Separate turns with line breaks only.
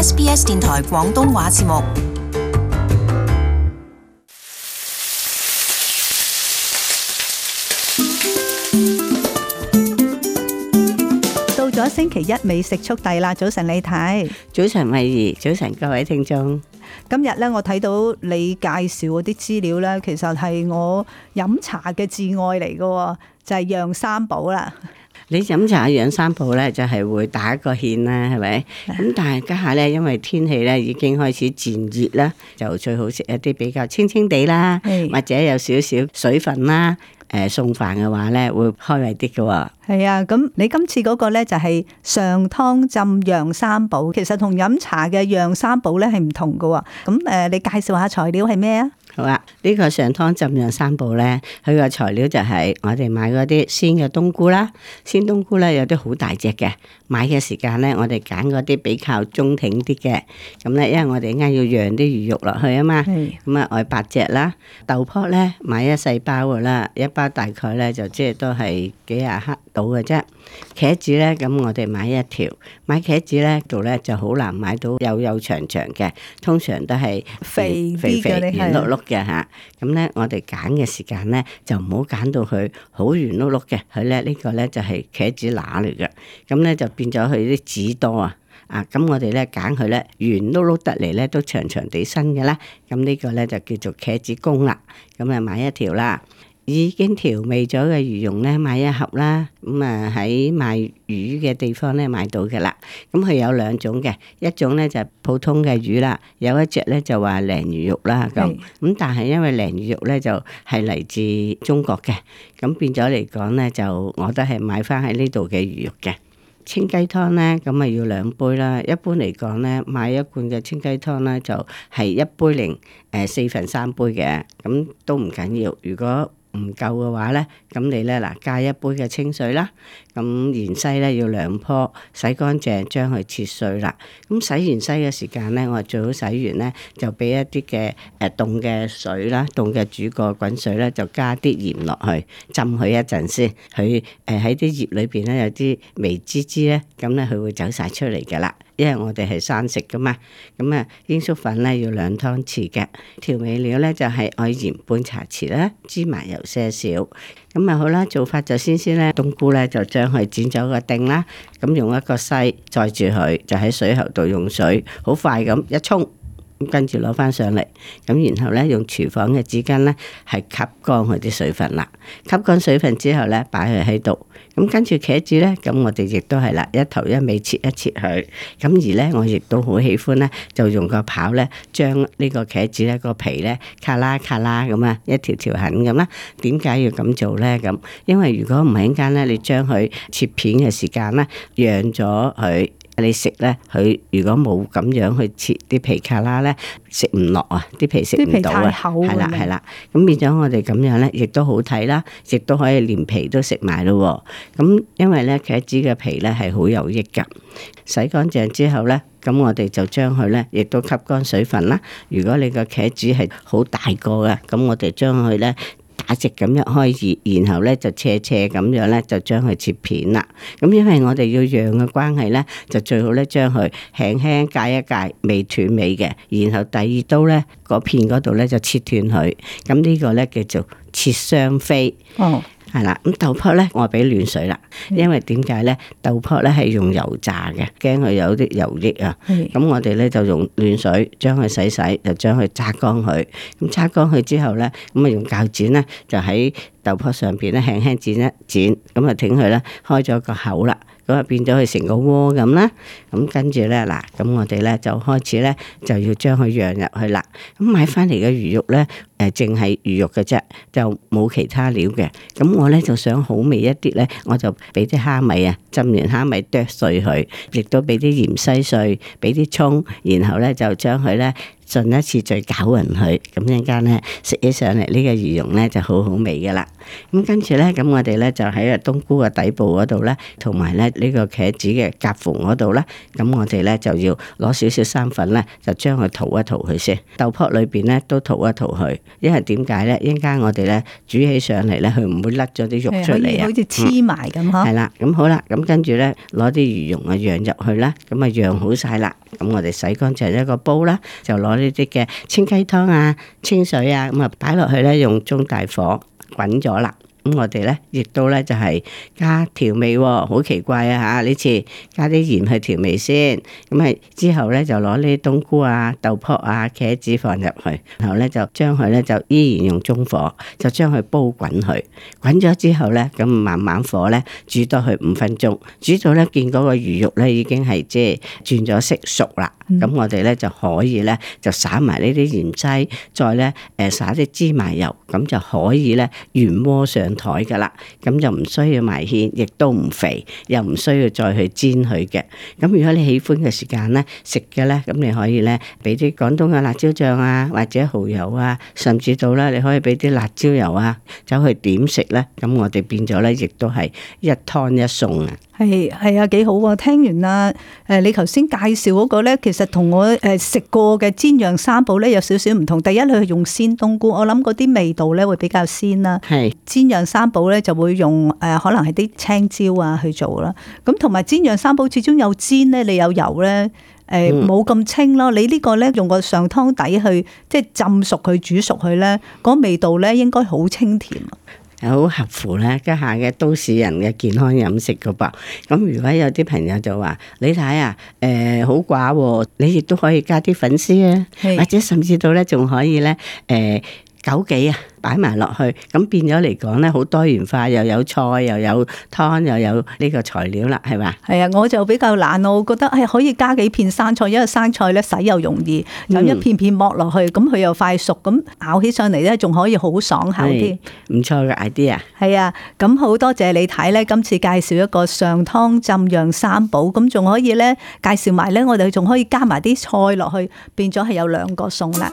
SBS 電台廣東話節目，到咗星期一美食速遞啦！早晨，你睇，
早晨慧怡，早晨各位聽眾。
今日咧我睇到你介紹嗰啲資料咧，其實係我飲茶嘅至愛嚟嘅，就係釀三寶啦。
你飲茶釀三寶咧，就係會打一個芡啦，係咪？咁但係家下咧，因為天氣咧已經開始漸熱啦，就最好食一啲比較清清地啦，或者有少少水分啦。誒，餸飯嘅話咧，會開胃啲嘅喎。
係啊，咁你今次嗰個咧就係上湯浸釀三寶，其實同飲茶嘅釀三寶咧係唔同嘅喎。咁誒，你介紹下材料係咩啊？
好啦，呢個上湯浸釀三寶咧，佢個材料就係我哋買嗰啲鮮嘅冬菇啦。鮮冬菇咧有啲好大隻嘅，買嘅時間咧我哋揀嗰啲比較中挺啲嘅。咁咧，因為我哋陣間要釀啲魚肉落去啊嘛，咁啊外八隻啦，豆卜咧買一細包噶啦，一包大概咧就即係都係幾廿克到嘅啫。茄子咧，咁我哋買一條，買茄子咧度咧就好難買到幼幼長長嘅，通常都係肥肥，肥肥肥碌碌。你是 綠綠綠嘅吓，咁咧、啊、我哋揀嘅時間咧就唔好揀到佢好圓碌碌嘅，佢咧呢、呢個咧就係、是、茄子乸嚟嘅，咁咧就變咗佢啲籽多啊，啊咁我哋咧揀佢咧圓碌碌得嚟咧都長長地身嘅啦，咁、啊、呢個咧就叫做茄子公啦，咁啊買一條啦。已經調味咗嘅魚蓉咧，買一盒啦。咁啊喺賣魚嘅地方咧買到嘅啦。咁、嗯、佢有兩種嘅，一種咧就是、普通嘅魚啦，有一隻咧就話、是、鯪魚肉啦咁。咁是但係因為鯪魚肉咧就係、是、嚟自中國嘅，咁、嗯、變咗嚟講咧就我都係買翻喺呢度嘅魚肉嘅。清雞湯咧，咁、嗯、啊要兩杯啦。一般嚟講咧，買一罐嘅清雞湯咧就係、是、一杯零誒、呃、四份三杯嘅，咁、嗯、都唔緊要。如果唔夠嘅話咧，咁你咧嗱，加一杯嘅清水啦。咁芫茜咧要兩棵洗乾淨，將佢切碎啦。咁洗芫茜嘅時間咧，我最好洗完咧就俾一啲嘅誒凍嘅水啦，凍嘅煮過滾水咧，就加啲鹽落去浸佢一陣先。佢誒喺啲葉裏邊咧有啲微滋滋咧，咁咧佢會走晒出嚟嘅啦。因為我哋係生食噶嘛，咁啊，鷹粟粉咧要兩湯匙嘅調味料咧就係、是、愛鹽半茶匙啦，芝麻油些少。咁啊好啦，做法就先先咧，冬菇咧就將。係剪咗個釘啦，咁用一個篩載住佢，就喺水喉度用水，好快咁一沖。跟住攞翻上嚟，咁然後咧用廚房嘅紙巾咧係吸乾佢啲水分啦。吸乾水分之後咧，擺佢喺度。咁跟住茄子咧，咁我哋亦都係啦，一頭一尾切一切佢。咁而咧，我亦都好喜歡咧，就用個刨咧，將呢個茄子咧個皮咧卡啦卡啦咁啊，一條條痕咁啦。點解要咁做咧？咁因為如果唔係，一陣間咧你將佢切片嘅時間咧讓咗佢。你食咧，佢如果冇咁樣去切啲皮卡啦咧，食唔落啊！啲皮食唔到啊！係啦係啦，咁的變咗我哋咁樣咧，亦都好睇啦，亦都可以連皮都食埋咯。咁因為咧，茄子嘅皮咧係好有益噶。洗乾淨之後咧，咁我哋就將佢咧，亦都吸乾水分啦。如果你個茄子係好大個嘅，咁我哋將佢咧。一直咁一開二，然後咧就斜斜咁樣咧就將佢切片啦。咁因為我哋要養嘅關係咧，就最好咧將佢輕輕解一解，未斷尾嘅，然後第二刀咧嗰片嗰度咧就切斷佢。咁、這個、呢個咧叫做切雙飛。嗯.係啦，咁豆泡咧，我俾暖水啦，因為點解咧？豆泡咧係用油炸嘅，驚佢有啲油溢啊。咁是我哋咧就用暖水將佢洗洗，就將佢揸乾佢。咁揸乾佢之後咧，咁啊用鉸剪咧就喺。油泡上邊咧輕輕剪一剪，咁啊整佢咧，開咗個口啦，咁啊變咗佢成個窩咁啦，咁跟住咧嗱，咁我哋咧就開始咧就要將佢釀入去啦。咁買翻嚟嘅魚肉咧，誒淨係魚肉嘅啫，就冇其他料嘅。咁我咧就想好味一啲咧，我就俾啲蝦米啊，浸完蝦米剁碎佢，亦都俾啲鹽西碎，俾啲蔥，然後咧就將佢咧。進一次再攪勻佢，咁一陣間咧食起上嚟呢、呢個魚蓉咧就好好味噶啦。咁跟住咧，咁我哋咧就喺個冬菇嘅底部嗰度咧，同埋咧呢個茄子嘅夾縫嗰度咧，咁我哋咧就要攞少少生粉咧，就將佢塗一塗佢先。豆卜裏邊咧都塗一塗佢，因為點解咧？一陣間我哋咧煮起上嚟咧，佢唔會甩咗啲肉出嚟啊！好似黐埋咁嗬。係啦、嗯，咁好啦，咁跟住咧攞啲魚蓉啊釀入去啦，咁啊釀好晒啦。咁我哋洗乾淨一個煲啦，就攞。呢啲清雞湯啊、清水啊，擺落去，用中大火滾咗。咁我哋咧，亦都咧就係加調味，好奇怪啊嚇！呢次加啲鹽去調味先，咁係之後咧就攞啲冬菇啊、豆卜啊、茄子放入去，然後咧就將佢咧就依然用中火，就將佢煲滾佢。滾咗之後咧，咁慢慢火咧煮多佢五分鐘，煮到咧見嗰個魚肉咧已經係即係轉咗色熟啦。咁我哋咧就可以咧就灑埋呢啲鹽劑，再咧誒灑啲芝麻油，咁就可以咧原鍋上。台噶啦，咁就唔需要埋芡，亦都唔肥，又唔需要再去煎佢嘅。咁如果你喜歡嘅時間呢，食嘅呢，咁你可以呢俾啲廣東嘅辣椒醬啊，或者蚝油啊，甚至到呢你可以俾啲辣椒油啊，走去點食呢？咁我哋變咗呢，亦都係一湯一餸啊。
係係啊，幾好啊！聽完啦，誒，你頭先介紹嗰、那個咧，其實同我誒食過嘅煎釀三寶咧有少少唔同。第一，佢係用鮮冬菇，我諗嗰啲味道咧會比較鮮啦。係是煎釀三寶咧就會用誒，可能係啲青椒啊去做啦。咁同埋煎釀三寶始終有煎咧，你有油咧，誒冇咁清咯。嗯、你呢個咧用個上湯底去，即係浸熟佢、煮熟佢咧，嗰、那個、味道咧應該好清甜。
好合乎咧，家下嘅都市人嘅健康飲食㗎噃，咁如果有啲朋友就話，李太 啊，誒好寡，你亦都可以加啲粉絲啊，是或者甚至到咧仲可以咧，誒、呃。枸杞啊，擺埋落去，咁變咗嚟講咧，好多元化，又有菜，又有湯，又有呢個材料啦，係嘛？
係啊，我就比較懶咯，我覺得係可以加幾片生菜，因為生菜咧洗又容易，咁、嗯、一片片剝落去，咁佢又快熟，咁咬起上嚟咧，仲可以好爽口
啲。唔錯嘅 idea。
係啊，咁好多謝你睇咧，今次介紹一個上湯浸釀三寶，咁仲可以咧介紹埋咧，我哋仲可以加埋啲菜落去，變咗係有兩個餸啦。